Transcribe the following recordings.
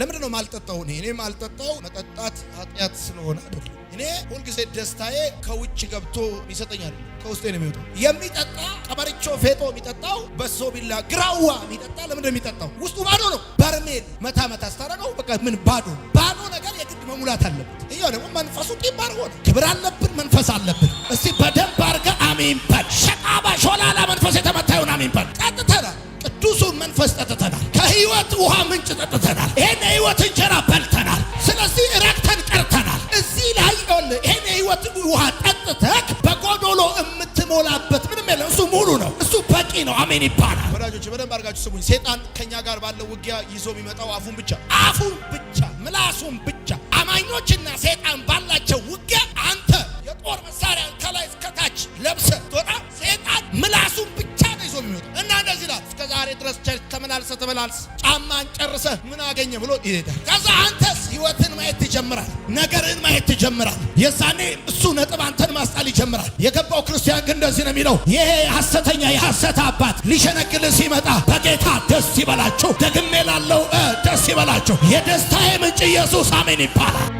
ለምንድን ነው ማልጠጣው? እኔ እኔ ማልጠጣው መጠጣት ኃጢአት ስለሆነ አይደለም። እኔ ሁልጊዜ ደስታዬ ከውጭ ገብቶ የሚሰጠኝ አይደለም፣ ከውስጤ ነው የሚወጣው። የሚጠጣ ቀበርቾ ፌጦ የሚጠጣው በሶ ቢላ ግራዋ የሚጠጣ ለምንድን ነው የሚጠጣው? ውስጡ ባዶ ነው። በርሜል መታ መታ ስታደርገው በቃ ምን ባዶ ባዶ ነገር የግድ መሙላት አለበት። እኛው ደግሞ መንፈሱ ጢባር ሆነ። ክብር አለብን፣ መንፈስ አለብን። እስቲ በደንብ አድርገህ አሜን በል። ሸቃባ ሾላላ መንፈስ የተመታዩን አሜን በል። ጠጥተናል ቅዱሱን መንፈስ ጠጥተናል። ከህይወት ውሃ ምንጭ ጠጥተናል። ይህን የህይወት እንጀራ በልተናል። ስለዚህ ረክተን ቀርተናል። እዚህ ላይ ይህን የህይወት ውሃ ጠጥተክ በጎዶሎ የምትሞላበት ምንም የለም። እሱ ሙሉ ነው። እሱ በቂ ነው። አሜን ይባላል። ወዳጆች በደንብ አድርጋችሁ ስሙኝ። ሴጣን ከኛ ጋር ባለው ውጊያ ይዞ የሚመጣው አፉን ብቻ አፉን ብቻ ምላሱን ብቻ አማኞችና ሴጣን ይሄዳል። ከዛ አንተስ ህይወትን ማየት ትጀምራል፣ ነገርን ማየት ትጀምራል። የዛኔ እሱ ነጥብ አንተን ማስጣል ይጀምራል። የገባው ክርስቲያን ግን እንደዚህ ነው የሚለው፣ ይሄ ሐሰተኛ የሐሰት አባት ሊሸነግል ሲመጣ በጌታ ደስ ይበላቸው፣ ደግሜ ላለው ደስ ይበላቸው። የደስታዬ ምንጭ ኢየሱስ አሜን ይባላል።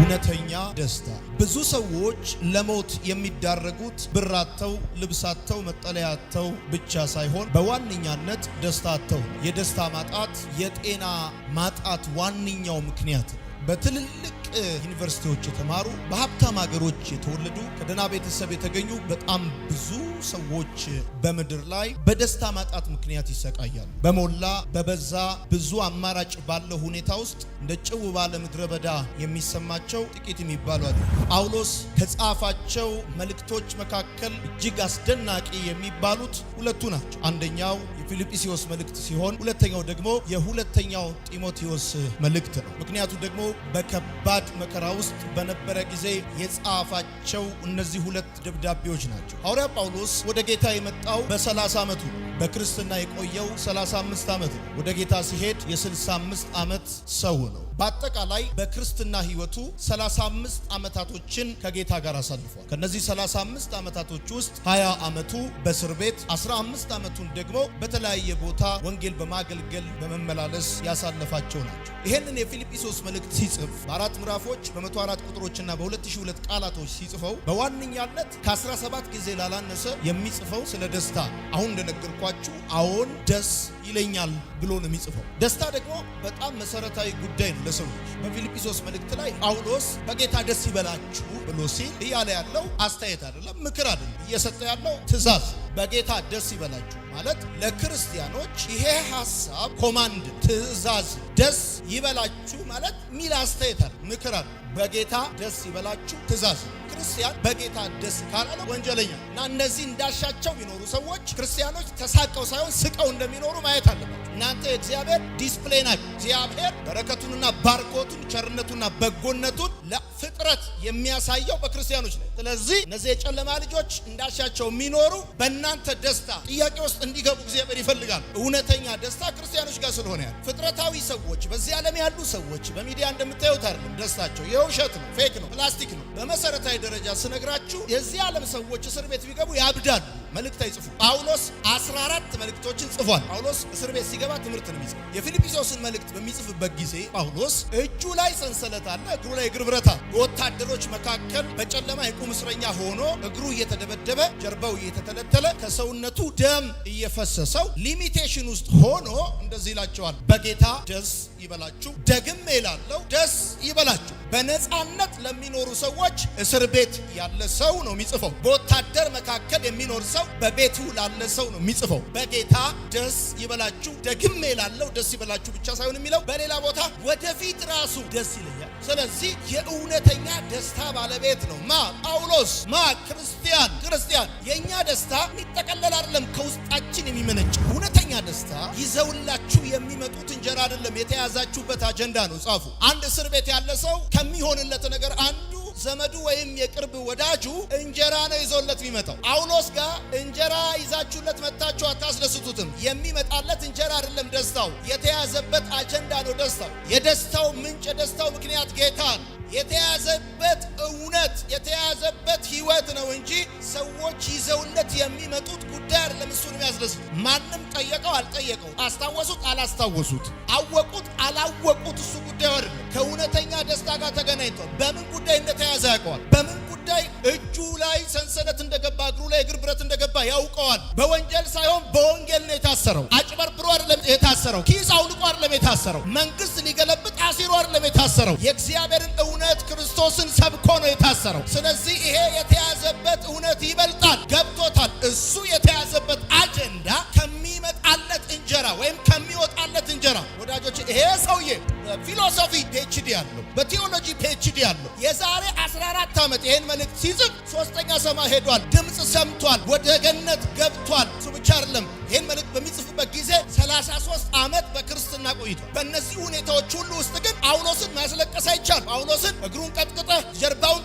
እውነተኛ ደስታ ብዙ ሰዎች ለሞት የሚዳረጉት ብራተው፣ ልብሳተው፣ መጠለያተው ብቻ ሳይሆን በዋነኛነት ደስታተው። የደስታ ማጣት የጤና ማጣት ዋነኛው ምክንያት በትልልቅ ዩኒቨርሲቲዎች የተማሩ በሀብታም ሀገሮች የተወለዱ ከደህና ቤተሰብ የተገኙ በጣም ብዙ ሰዎች በምድር ላይ በደስታ ማጣት ምክንያት ይሰቃያሉ። በሞላ በበዛ ብዙ አማራጭ ባለው ሁኔታ ውስጥ እንደ ጭው ባለ ምድረ በዳ የሚሰማቸው ጥቂት የሚባሉ አሉ። ጳውሎስ ከጻፋቸው መልእክቶች መካከል እጅግ አስደናቂ የሚባሉት ሁለቱ ናቸው። አንደኛው የፊልጵስዩስ መልእክት ሲሆን ሁለተኛው ደግሞ የሁለተኛው ጢሞቴዎስ መልእክት ነው። ምክንያቱ ደግሞ በከባድ ከባድ መከራ ውስጥ በነበረ ጊዜ የጻፋቸው እነዚህ ሁለት ደብዳቤዎች ናቸው። ሐዋርያ ጳውሎስ ወደ ጌታ የመጣው በ30 ዓመቱ በክርስትና የቆየው 35 ዓመቱ ወደ ጌታ ሲሄድ የ65 ዓመት ሰው ነው። በአጠቃላይ በክርስትና ህይወቱ 35 ዓመታቶችን ከጌታ ጋር አሳልፏል። ከነዚህ 35 ዓመታቶች ውስጥ 20 ዓመቱ በእስር ቤት፣ 15 ዓመቱን ደግሞ በተለያየ ቦታ ወንጌል በማገልገል በመመላለስ ያሳለፋቸው ናቸው። ይህንን የፊልጵሶስ መልእክት ሲጽፍ በአራት ምዕራፎች በ104 ቁጥሮችና በ2002 ቃላቶች ሲጽፈው በዋነኛነት ከ17 ጊዜ ላላነሰ የሚጽፈው ስለ ደስታ አሁን እንደነገርኳችሁ አዎን ደስ ይለኛል ብሎ ነው የሚጽፈው። ደስታ ደግሞ በጣም መሰረታዊ ጉዳይ ነው። ለሰው በፊልጵስዩስ መልእክት ላይ ጳውሎስ በጌታ ደስ ይበላችሁ ብሎ ሲል እያለ ያለው አስተያየት አይደለም፣ ምክር አይደለም፣ እየሰጠ ያለው ትእዛዝ። በጌታ ደስ ይበላችሁ ማለት ለክርስቲያኖች ይሄ ሐሳብ ኮማንድ፣ ትእዛዝ። ደስ ይበላችሁ ማለት ሚል አስተያየት አይደለም፣ ምክር አይደለም። በጌታ ደስ ይበላችሁ ትእዛዝ ክርስቲያን በጌታ ደስ ካላለ ወንጀለኛ እና እነዚህ እንዳሻቸው የሚኖሩ ሰዎች ክርስቲያኖች ተሳቀው ሳይሆን ስቀው እንደሚኖሩ ማየት አለባቸው። እናንተ የእግዚአብሔር ዲስፕሌ ናቸው። እግዚአብሔር በረከቱንና ባርኮቱን ቸርነቱና በጎነቱን ፍጥረት የሚያሳየው በክርስቲያኖች ነው። ስለዚህ እነዚህ የጨለማ ልጆች እንዳሻቸው የሚኖሩ በእናንተ ደስታ ጥያቄ ውስጥ እንዲገቡ እግዚአብሔር ይፈልጋል። እውነተኛ ደስታ ክርስቲያኖች ጋር ስለሆነ ያለ ፍጥረታዊ ሰዎች፣ በዚህ ዓለም ያሉ ሰዎች በሚዲያ እንደምታዩት አይደለም ደስታቸው። የውሸት ነው፣ ፌክ ነው፣ ፕላስቲክ ነው። በመሰረታዊ ደረጃ ስነግራችሁ የዚህ ዓለም ሰዎች እስር ቤት ቢገቡ ያብዳሉ። መልእክት አይጽፉ። ጳውሎስ 14 መልእክቶችን ጽፏል። ጳውሎስ እስር ቤት ሲገባ ትምህርት ነው የሚጽፍ። የፊልጵስዩስን መልእክት በሚጽፍበት ጊዜ ጳውሎስ እጁ ላይ ሰንሰለት አለ፣ እግሩ ላይ እግር ብረት አለ። በወታደሮች መካከል በጨለማ የቁም እስረኛ ሆኖ እግሩ እየተደበደበ ጀርባው እየተተለተለ ከሰውነቱ ደም እየፈሰሰው ሊሚቴሽን ውስጥ ሆኖ እንደዚህ ይላቸዋል፣ በጌታ ደስ ይበላችሁ። ደግም እላለሁ ደስ ይበላችሁ በነፃነት ለሚኖሩ ሰዎች እስር ቤት ያለ ሰው ነው የሚጽፈው። በወታደር መካከል የሚኖር ሰው በቤቱ ላለ ሰው ነው የሚጽፈው። በጌታ ደስ ይበላችሁ፣ ደግሜ ላለው ደስ ይበላችሁ ብቻ ሳይሆን የሚለው በሌላ ቦታ ወደፊት ራሱ ደስ ይለኛል። ስለዚህ የእውነተኛ ደስታ ባለቤት ነው ማ ጳውሎስ ማ ክርስቲያን ክርስቲያን። የእኛ ደስታ የሚጠቀለል አይደለም፣ ከውስጣችን የሚመነጭ እውነት በከፍተኛ ደስታ ይዘውላችሁ የሚመጡት እንጀራ አይደለም፣ የተያዛችሁበት አጀንዳ ነው። ጻፉ። አንድ እስር ቤት ያለ ሰው ከሚሆንለት ነገር አንዱ ዘመዱ ወይም የቅርብ ወዳጁ እንጀራ ነው ይዞለት የሚመጣው። ጳውሎስ ጋር እንጀራ ይዛችሁለት መጥታችሁ አታስደስቱትም። የሚመጣለት እንጀራ አይደለም ደስታው፣ የተያዘበት አጀንዳ ነው ደስታው። የደስታው ምንጭ፣ የደስታው ምክንያት ጌታ ነው። የተያዘበት እውነት የተያዘበት ህይወት ነው እንጂ ሰዎች ይዘውነት የሚመጡት ጉዳይ አይደለም። እሱን የሚያስደስት ማንም ጠየቀው አልጠየቀው፣ አስታወሱት አላስታወሱት፣ አወቁት አላወቁት፣ እሱ ጉዳይ አይደለም። ከእውነተኛ ደስታ ጋር ተገናኝቶ በምን ጉዳይ እንደተያዘ ያውቀዋል። በምን ጉዳይ እጁ ላይ ሰንሰለት እንደገባ እግሩ ላይ እግር ብረት እንደገባ ያውቀዋል። በወንጀል ሳይሆን በወንጌል ነው የታሰረው። አጭበርብሮ አይደለም የታሰረው። ኪስ አውልቆ አይደለም የታሰረው። መንግስት ሊገለብጥ አሲሮ አይደለም የታሰረው። የእግዚአብሔርን እውነት እውነት ክርስቶስን ሰብኮ ነው የታሰረው። ስለዚህ ይሄ የተያዘበት እውነት ይበልጣል፣ ገብቶታል። እሱ የተያዘበት አጀንዳ ከሚመጣለት እንጀራ ወይም ከሚወጣለት እንጀራ ወዳጆች፣ ይሄ ሰውዬ በፊሎሶፊ ፒኤችዲ ያለው በቴዎሎጂ ፒኤችዲ ያለው የዛሬ 14 ዓመት ይሄን መልእክት ሲጽፍ ሶስተኛ ሰማይ ሄዷል፣ ድምፅ ሰምቷል፣ ወደ ገነት ገብቷል። እሱ ብቻ አይደለም። ይሄን መልእክት በሚጽፍበት ጊዜ 33 ዓመት በክርስትና ቆይቷል። በእነዚህ ሁኔታዎች ሁሉ ውስጥ ማስለቀስ አይቻልም። ጳውሎስን እግሩን ቀጥቅጠ ጀርባው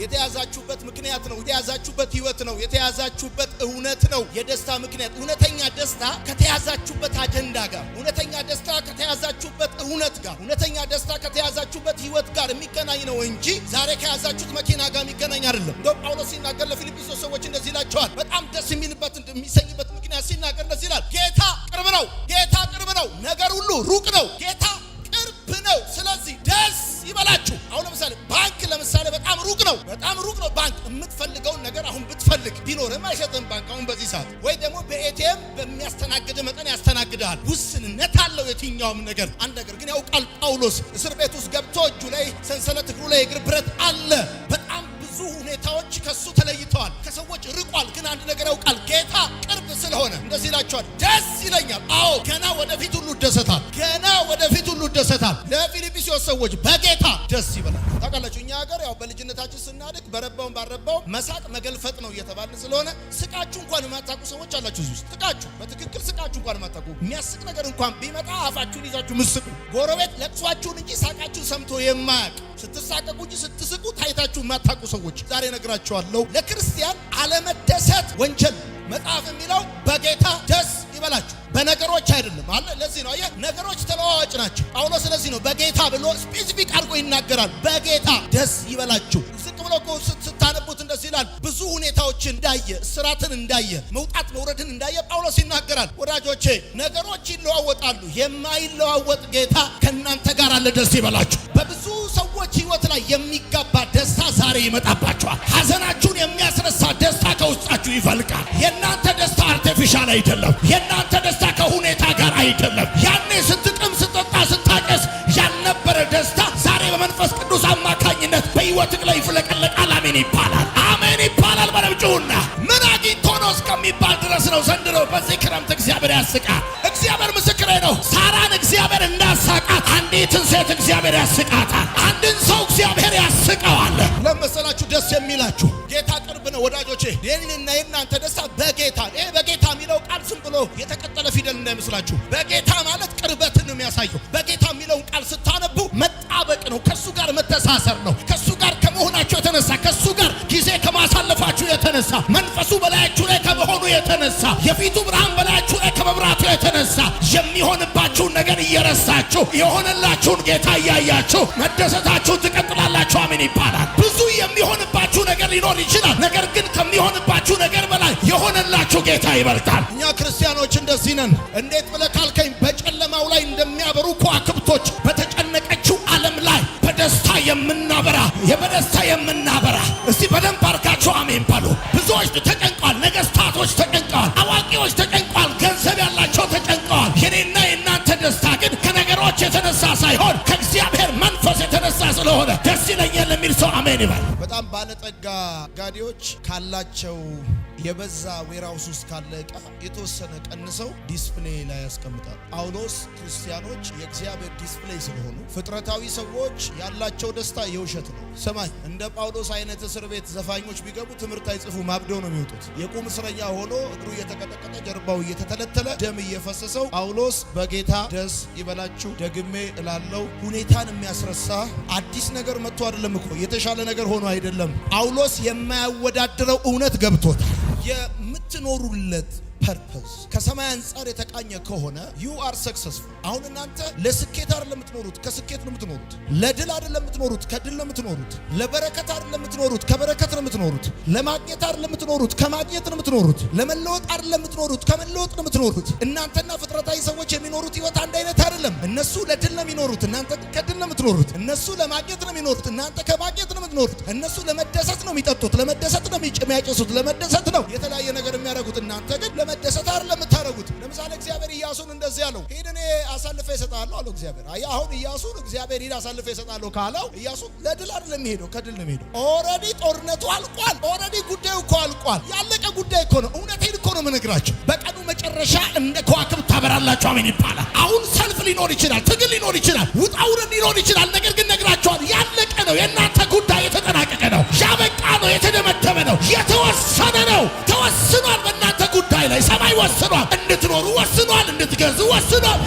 የተያዛችሁበት ምክንያት ነው። የተያዛችሁበት ህይወት ነው። የተያዛችሁበት እውነት ነው። የደስታ ምክንያት እውነተኛ ደስታ ከተያዛችሁበት አጀንዳ ጋር፣ እውነተኛ ደስታ ከተያዛችሁበት እውነት ጋር፣ እውነተኛ ደስታ ከተያዛችሁበት ህይወት ጋር የሚገናኝ ነው እንጂ ዛሬ ከያዛችሁት መኪና ጋር የሚገናኝ አይደለም። እንደ ጳውሎስ ሲናገር ለፊልጵስዩስ ሰዎች እንደዚህ ይላቸዋል። በጣም ደስ የሚልበት የሚሰኝበት ምክንያት ሲናገር እንደዚህ ይላል። ጌታ ቅርብ ነው። ጌታ ቅርብ ነው። ነገር ሁሉ ሩቅ ነው። ጌታ ቅርብ ነው። ስለዚህ ደስ ይበላችሁ። አሁን ለምሳሌ ባንክ ለምሳሌ በጣም ሩቅ ነው፣ በጣም ሩቅ ነው ባንክ። የምትፈልገውን ነገር አሁን ብትፈልግ ቢኖርም አይሸጥም ባንክ አሁን በዚህ ሰዓት፣ ወይ ደግሞ በኤቲኤም በሚያስተናግድ መጠን ያስተናግድሃል። ውስንነት አለው የትኛውም ነገር። አንድ ነገር ግን ያውቃል ጳውሎስ እስር ቤት ውስጥ ገብቶ እጁ ላይ ሰንሰለት፣ እግሩ ላይ እግር ብረት አለ። በጣም ብዙ ሁኔታዎች ከሱ ተለይተዋል፣ ከሰዎች ርቋል። ግን አንድ ነገር ያውቃል ጌታ ቅርብ ስለሆነ እንደዚህ ይላቸዋል፣ ደስ ይለኛል። አዎ ገና ወደፊት ሁሉ ደሰታል ሰዎች በጌታ ደስ ይበላል። ታውቃላችሁ እኛ ሀገር ያው በልጅነታችን ስናድግ በረባውን ባረባው መሳቅ መገልፈጥ ነው እየተባለ ስለሆነ ስቃችሁ እንኳን የማታውቁ ሰዎች አላችሁ። እዚህ ውስጥ ስቃችሁ በትክክል ስቃችሁ እንኳን የማታውቁ የሚያስቅ ነገር እንኳን ቢመጣ አፋችሁን ይዛችሁ ምስቁ። ጎረቤት ለቅሷችሁን እንጂ ሳቃችሁን ሰምቶ የማያውቅ ስትሳቀቁ እንጂ ስትስቁ ታይታችሁ የማታውቁ ሰዎች ዛሬ ነግራችኋለሁ። ለክርስቲያን አለመደሰት ወንጀል መጽሐፍ የሚለው በጌታ ደስ ይበላችሁ በነገሮች አይደለም አለ። ለዚህ ነው ነገሮች ተለዋዋጭ ናቸው። ጳውሎስ ስለዚህ ነው በጌታ ብሎ ስፔሲፊክ አድርጎ ይናገራል። በጌታ ደስ ይበላችሁ። ዝቅ ብሎ እኮ ስታነቡት እንደዚህ ይላል። ብዙ ሁኔታዎችን እንዳየ፣ እስራትን እንዳየ፣ መውጣት መውረድን እንዳየ ጳውሎስ ይናገራል። ወዳጆቼ ነገሮች ይለዋወጣሉ። የማይለዋወጥ ጌታ ከእናንተ ጋር አለ። ደስ ይበላችሁ። በብዙ ሰዎች ህይወት ላይ የሚጋባ ደስታ ዛሬ ይመጣባቸዋል። ሀዘናችሁን የሚያስረሳ ደስታ ከውስጣችሁ ይፈልቃል። የእናንተ ከፊሻል አይደለም። የእናንተ ደስታ ከሁኔታ ጋር አይደለም። ያኔ ስትጥም፣ ስትጠጣ፣ ስታጨስ ያልነበረ ደስታ ዛሬ በመንፈስ ቅዱስ አማካኝነት በሕይወትህ ላይ ይፍለቀለቃል። አሜን ይባላል። አሜን ይባላል። በረብጭውና ምን አግኝቶ ነው እስከሚባል ድረስ ነው ዘንድሮ በዚህ ክረምት እግዚአብሔር ያስቃል። እግዚአብሔር ምስክሬ ነው። ሳራን እግዚአብሔር እንዳሳቃት አንዲትን ሴት እግዚአብሔር ያስቃታል። አንድን ሰው እግዚአብሔር ያስቀዋል። አይመስላችሁ በጌ እየተደሰታችሁ የሆነላችሁን ጌታ እያያችሁ መደሰታችሁን ትቀጥላላችሁ። አሜን ይባላል። ብዙ የሚሆንባችሁ ነገር ሊኖር ይችላል። ነገር ግን ከሚሆንባችሁ ነገር በላይ የሆነላችሁ ጌታ ይበልጣል። እኛ ክርስቲያኖች እንደዚህ ነን። እንዴት ብለህ ካልከኝ በጨለማው ላይ እንደሚያበሩ ከዋክብቶች በተጨነቀችው ዓለም ላይ በደስታ የምናበራ የበደስታ የምናበራ እስቲ በደንብ አርጋችሁ አሜን በሉ። ብዙዎች ተጨንቀዋል። ነገስታቶች ተጨንቀዋል። አዋቂዎች የተነሳ ሳይሆን ስለሆነ ደስ ይለኛል የሚል ሰው አሜን ይባል። በጣም ባለጠጋ ነጋዴዎች ካላቸው የበዛ ዌራውስ ውስጥ ካለ እቃ የተወሰነ ቀንሰው ዲስፕሌይ ላይ ያስቀምጣል። ጳውሎስ ክርስቲያኖች የእግዚአብሔር ዲስፕሌይ ስለሆኑ ፍጥረታዊ ሰዎች ያላቸው ደስታ የውሸት ነው። ስማኝ፣ እንደ ጳውሎስ አይነት እስር ቤት ዘፋኞች ቢገቡ ትምህርት አይጽፉ ማብደው ነው የሚወጡት። የቁም እስረኛ ሆኖ እግሩ እየተቀጠቀጠ ጀርባው እየተተለተለ ደም እየፈሰሰው ጳውሎስ በጌታ ደስ ይበላችሁ ደግሜ እላለው ሁኔታን የሚያስረሳ አዲስ አዲስ ነገር መጥቶ አይደለም እኮ የተሻለ ነገር ሆኖ አይደለም። ጳውሎስ የማያወዳድረው እውነት ገብቶታል። የምትኖሩለት ፐርፐስ ከሰማይ አንጻር የተቃኘ ከሆነ ዩ አር ሰክሰስፉል። አሁን እናንተ ለስኬት አይደለም የምትኖሩት፣ ከስኬት ነው የምትኖሩት። ለድል አይደለም የምትኖሩት፣ ከድል ነው የምትኖሩት። ለበረከት አይደለም የምትኖሩት፣ ከበረከት ነው የምትኖሩት። ለማግኘት አይደለም የምትኖሩት፣ ከማግኘት ነው የምትኖሩት። ለመለወጥ አይደለም የምትኖሩት፣ ከመለወጥ ነው የምትኖሩት። እናንተና ፍጥረታዊ ሰዎች የሚኖሩት ህይወት አንድ አይነት አይደለም። እነሱ ለድል ነው የሚኖሩት፣ እናንተ ከድል ነው የምትኖሩት። እነሱ ለማግኘት ነው የሚኖሩት፣ እናንተ ከማግኘት ነው የምትኖሩት። እነሱ ለመደሰት ነው የሚጠጡት፣ ለመደሰት ነው የሚያጨሱት፣ ለመደሰት ነው የተለያየ ነገር የሚያደርጉት። እናንተ ግን ለመደሰት አይደለም ለምሳሌ እግዚአብሔር ኢያሱን እንደዚህ አለው፣ ሂድ እኔ አሳልፈ ይሰጣለሁ አለው እግዚአብሔር። አይ አሁን ኢያሱን እግዚአብሔር ሂድ አሳልፈ ይሰጣለሁ ካለው ኢያሱ ለድል አይደለም የሚሄደው፣ ከድል ነው የሚሄደው። ኦልሬዲ ጦርነቱ አልቋል። ኦልሬዲ ጉዳዩ እኮ አልቋል። ያለቀ ጉዳይ እኮ ነው። እውነቴን እኮ ነው የምነግራቸው። በቀኑ መጨረሻ እንደ ከዋክብት ታበራላችሁ። አሜን ይባላል። አሁን ሰልፍ ሊኖር ይችላል፣ ትግል ሊኖር ይችላል፣ ውጣ ውረድ ሊኖር ይችላል። ነገር ግን ነግራቸዋል፣ ያለቀ ነው። የእናንተ ጉዳይ የተጠናቀቀ ነው። ያበቃ ነው። የተደመደመ ነው። የተወሰነ ነው። ተወስኗል። ላይ ሰማይ ወስኗል። እንድትኖሩ ወስኗል። እንድትገዙ ወስኗል።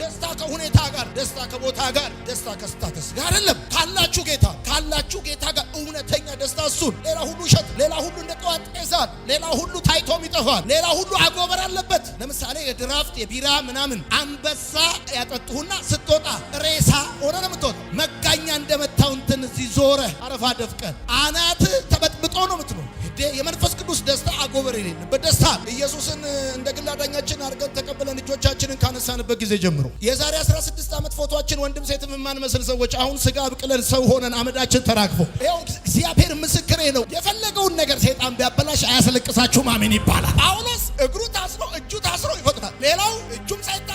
ደስታ ከሁኔታ ጋር፣ ደስታ ከቦታ ጋር፣ ደስታ ከስታተስ ጋር አይደለም። ካላችሁ ጌታ ካላችሁ ጌታ ጋር እውነተኛ ደስታ እሱን። ሌላ ሁሉ እሸት፣ ሌላ ሁሉ እንደ ጠዋት ጤዛል፣ ሌላ ሁሉ ታይቶም ይጠፋል፣ ሌላ ሁሉ አጎበር አለበት። ለምሳሌ የድራፍት የቢራ ምናምን አንበሳ ያጠጡሁና ስትወጣ ሬሳ ሆነ ነው የምትወጣ። መጋኛ እንደመታው እንትን እዚህ ዞረ አረፋ ደፍቀን አናት ተበጥብጦ ነው ምት የመንፈስ ቅዱስ ደስታ አጎበር ይልን በደስታ ኢየሱስን እንደ ግል አዳኛችን አድርገን ተቀብለን እጆቻችንን ካነሳንበት ጊዜ ጀምሮ የዛሬ 16 ዓመት ፎቶችን ወንድም ሴትም የማንመስል ሰዎች አሁን ስጋ አብቅለን ሰው ሆነን አመዳችን ተራግፎ ይኸው እግዚአብሔር ምስክሬ ነው። የፈለገውን ነገር ሴጣን ቢያበላሽ አያስለቅሳችሁም። አሜን ይባላል። ጳውሎስ እግሩ ታስሮ እጁ ታስሮ ይፈቅዳል። ሌላው እጁም ሳይታ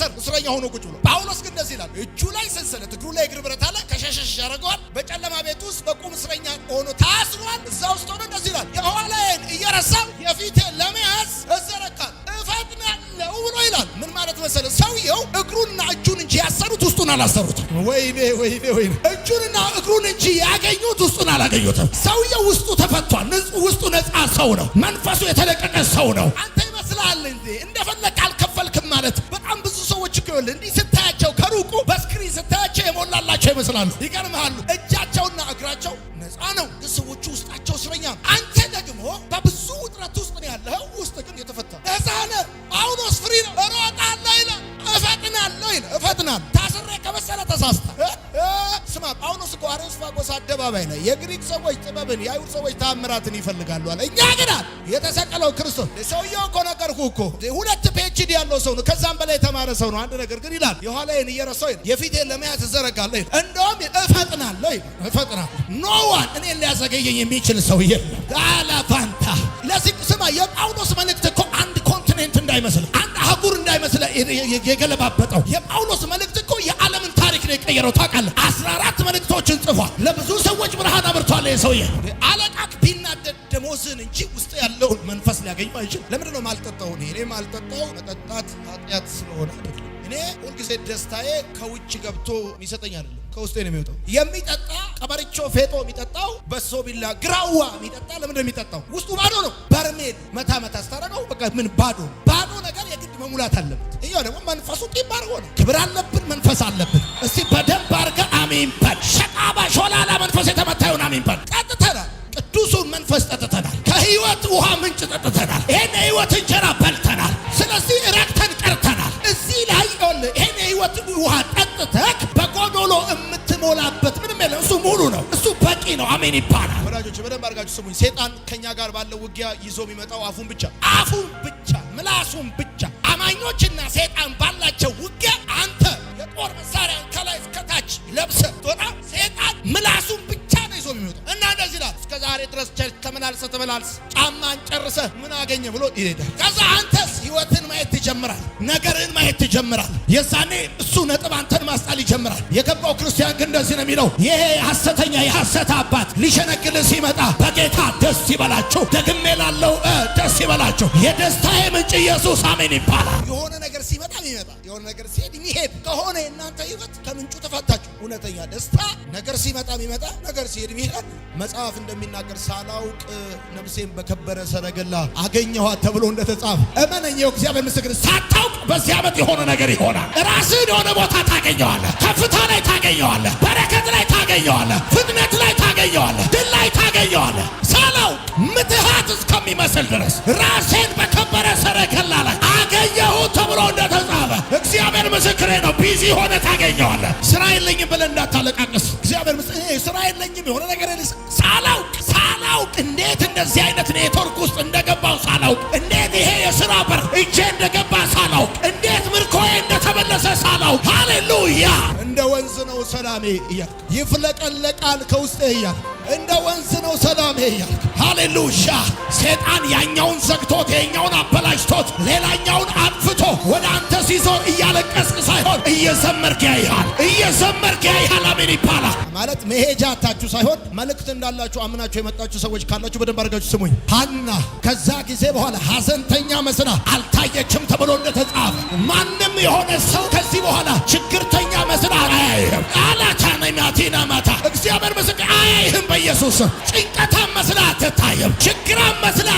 ታሰር እስረኛ ሆኖ ቁጭ ብሎ። ጳውሎስ ግን እንደዚህ ይላል፣ እጁ ላይ ሰንሰለት፣ እግሩ ላይ እግር ብረት አለ። ከሸሸሽ ያደርገዋል። በጨለማ ቤት ውስጥ በቁም እስረኛ ሆኖ ታስሯል። እዛ ውስጥ ሆኖ እንደዚህ ይላል፣ የኋላዬን እየረሳው የፊቴን ለመያዝ እዘረጋል እፈጥናለሁ ብሎ ይላል። ምን ማለት መሰለ፣ ሰውየው እግሩንና እጁን እንጂ ያሰሩት ውስጡን አላሰሩትም። ወይኔ ወይኔ ወይኔ! እጁንና እግሩን እንጂ ያገኙት ውስጡን አላገኙትም። ሰውየው ውስጡ ተፈቷል። ውስጡ ነፃ ሰው ነው። መንፈሱ የተለቀቀ ሰው ነው። አንተ ይመስልሃል እንዴ እንደፈለግ አልከፈልክም ማለት ሰዎች እኮ ይኸውልህ እንዲህ ስታያቸው ከሩቁ በስክሪን ስታያቸው የሞላላቸው ይመስላሉ። ይገርምሃሉ። እጃቸውና እግራቸው ነፃ ነው፣ ግን ሰዎቹ ውስጣቸው እስረኛ አንተ ደግሞ በብዙ ውጥረት ውስጥ ነው ያለኸው፣ ውስጥ ግን የተፈታ ነፃ ነህ። አሁኖስ ፍሪ ነው። እሮጣለሁ ያለው ይል እፈትናል ታስሬ ከመሰለ ተሳስተ ስማ ጳውሎስ እኮ አሬስፋጎስ አደባባይ ላይ የግሪክ ሰዎች ጥበብን የአይሁድ ሰዎች ተአምራትን ይፈልጋሉ አለ። እኛ ግን የተሰቀለው ክርስቶስ ሰውየው እኮ ነገርኩህ እኮ ሁለት ፒኤችዲ ያለው ሰው ነው፣ ከዛም በላይ የተማረ ሰው ነው። አንድ ነገር ግን ይላል የኋላዬን እየረሳሁ ይል የፊቴን ለመያዝ እዘረጋለሁ ይል እንደውም እፈጥናለሁ ይል እፈጥናለሁ። ኖዋን እኔን ሊያዘገየኝ የሚችል ሰው የለም። ላላፋንታ ለዚህ ስማ የጳውሎስ መልእክት እንዳይመስል አንድ አህጉር እንዳይመስል የገለባበጠው የጳውሎስ መልእክት እኮ የዓለምን ታሪክ ነው የቀየረው። ታውቃለህ፣ አስራ አራት መልእክቶችን ጽፏል። ለብዙ ሰዎች ብርሃን አብርቷል። ሰውዬ አለቃክ ቢናደድ ደሞዝን እንጂ ውስጥ ያለውን መንፈስ ሊያገኘው አይችልም። ለምንድን ነው ማልጠጣው? እኔ ማልጠጣው መጠጣት ኃጢአት ስለሆነ እኔ ሁልጊዜ ደስታዬ ከውጭ ገብቶ የሚሰጠኝ አይደለም፣ ከውስጤ ነው የሚወጣው። የሚጠጣ ቀበርቾ ፌጦ የሚጠጣው በሶ ቢላ ግራዋ የሚጠጣ ለምንድን የሚጠጣው? ውስጡ ባዶ ነው። በርሜል መታ መታ ስታደረገው በቃ ምን ባዶ ባዶ ነገር የግድ መሙላት አለበት። እያው ደግሞ መንፈሱ ጢም ሆነ። ነው። ክብር አለብን፣ መንፈስ አለብን። እስቲ በደንብ አርገ አሜን በል። ሸቃባ ሾላላ መንፈስ የተመታዩን አሜን በል። ጠጥተናል፣ ቅዱሱን መንፈስ ጠጥተናል፣ ከህይወት ውሃ ምንጭ ጠጥተናል፣ ይህን የህይወት እንጀራ በልተናል። ስለዚህ የህይወት ውሃ ጠጥተክ በቆዶሎ የምትሞላበት ምንም የለም። እሱ ሙሉ ነው። እሱ በቂ ነው። አሜን ይባላል። ወዳጆች በደንብ አድርጋችሁ ስሙኝ። ሴጣን ከእኛ ጋር ባለው ውጊያ ይዞ የሚመጣው አፉን ብቻ አፉን ብቻ ምላሱን ብቻ አማኞችና ሴጣን ባላቸው ውጊያ አንተ የጦር መሳሪያን ከላይ እስከታች ለብሰ ጦጣ ሴጣን ምላሱን ዛሬ ድረስ ቸርች ተመላልሰ ተመላልስ ጫማን ጨርሰ ምን አገኘ ብሎ ይሄዳል። ከዛ አንተስ ህይወትን ማየት ይጀምራል፣ ነገርን ማየት ይጀምራል። የዛኔ እሱ ነጥብ አንተን ማስጣል ይጀምራል። የገባው ክርስቲያን ግን እንደዚህ ነው የሚለው፣ ይሄ ሐሰተኛ የሐሰት አባት ሊሸነግል ሲመጣ በጌታ ደስ ይበላችሁ፣ ደግሜ ላለው ደስ ይበላችሁ። የደስታ ምንጭ ኢየሱስ አሜን ይባላል። የሆነ ነገር ሲመጣ ይመጣል የሆነ ነገር ሲሄድ የሚሄድ ከሆነ የእናንተ ህይወት ከምንጩ ተፋታችሁ። እውነተኛ ደስታ ነገር ሲመጣ የሚመጣ ነገር ሲሄድ ይሄዳል። መጽሐፍ እንደሚናገር ሳላውቅ ነፍሴን በከበረ ሰረገላ አገኘኋት ተብሎ እንደተጻፈ እመነኝ። እግዚአብሔር ምስክር ሳታውቅ በዚህ ዓመት የሆነ ነገር ይሆናል። ራስን የሆነ ቦታ ታገኘዋለህ። ከፍታ ላይ ታገኘዋለህ። በረከት ላይ ታገኘዋለህ። ፍጥነት ላይ ታገኘዋለህ። ድል ላይ ታገኘዋለህ። ሳላውቅ ምትሃት እስከሚመስል ድረስ ራሴን በከበረ ሰረገላ ላይ አገኘሁት ተብሎ እንደተ ምስክሬ ነው። ቢዚ ሆነ ታገኘዋለ። ስራ የለኝም ብለ እንዳታለቃቀስ። እግዚአብሔር ስራ የለኝም የሆነ ነገር ሳላውቅ ሳላውቅ እንዴት እንደዚህ አይነት ኔትወርክ ውስጥ እንደገባው ሳላውቅ እንዴት ይሄ የስራ በር እጄ እንደገባ ሳላውቅ እንዴት ምርኮዬ እንደተመለሰ ሳላውቅ ሃሌሉያ ነው ሰላሜ እያልክ ይፍለቀለቃል ከውስጤ እያልክ እንደ ወንዝ ነው ሰላሜ እያልክ ሃሌሉያ። ሴጣን ያኛውን ዘግቶት የኛውን አበላሽቶት ሌላኛውን አጥፍቶ ወደ አንተ ሲዞር እያለቀስክ ሳይሆን እየዘመርክ ያይሃል፣ እየዘመርክ ያይሃል። አሜን ይባላል ማለት መሄጃ አታችሁ ሳይሆን መልእክት እንዳላችሁ አምናችሁ የመጣችሁ ሰዎች ካላችሁ በደንብ አድርጋችሁ ስሙኝ። ሐና ከዛ ጊዜ በኋላ ሀዘንተኛ መስና አልታየችም ተብሎ እንደተጻፈ ማንም የሆነ ሰው ከዚህ በኋላ ችግርተኛ ቲና ማታ እግዚአብሔር ምስክ በኢየሱስ መስላ መስላ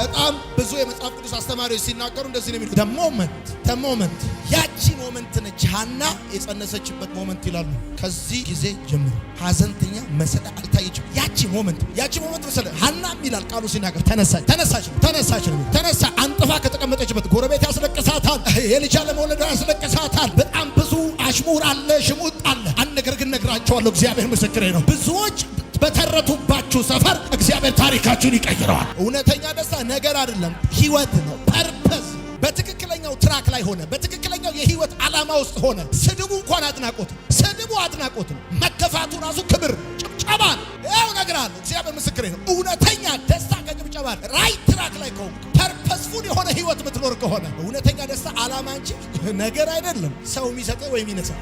በጣም ብዙ የመጽሐፍ አስተማሪዎች ሲናገሩ እንደዚህ ነው የሚሉት ሞመንት ተሞመንት ያቺ ሞመንት ነች ሐና የጸነሰችበት ሞመንት ይላሉ። ከዚህ ጊዜ ጀምሮ ሐዘንተኛ መሰለ አልታየችም። ያቺ ሞመንት ያቺ ሞመንት መሰለ ሐናም ይላል ቃሉ ሲናገር ተነሳች ተነሳች ነው ተነሳች ነው ተነሳ አንጥፋ ከተቀመጠችበት ጎረቤት ያስለቅሳታል። የልጅ አለመውለዷ ያስለቅሳታል። በጣም ብዙ አሽሙር አለ፣ ሽሙጥ አለ። አንድ ነገር ግን ነግራቸዋለሁ። እግዚአብሔር ምስክሬ ነው ብዙዎች በተረቱባችሁ ሰፈር እግዚአብሔር ታሪካችሁን ይቀይረዋል። እውነተኛ ደስታ ነገር አይደለም፣ ህይወት ነው። ፐርፐስ በትክክለኛው ትራክ ላይ ሆነ በትክክለኛው የህይወት ዓላማ ውስጥ ሆነ። ስድቡ እንኳን አድናቆት፣ ስድቡ አድናቆት፣ መከፋቱ ራሱ ክብር፣ ጭብጨባ ያው ነገር አለ። እግዚአብሔር ምስክሬ ነው። እውነተኛ ደስታ ከጭብጨባ ራይት ትራክ ላይ ከሆንክ ፐርፐስፉል የሆነ ህይወት የምትኖር ከሆነ እውነተኛ ደስታ ዓላማ እንጂ ነገር አይደለም ሰው የሚሰጠ ወይም ይነሳ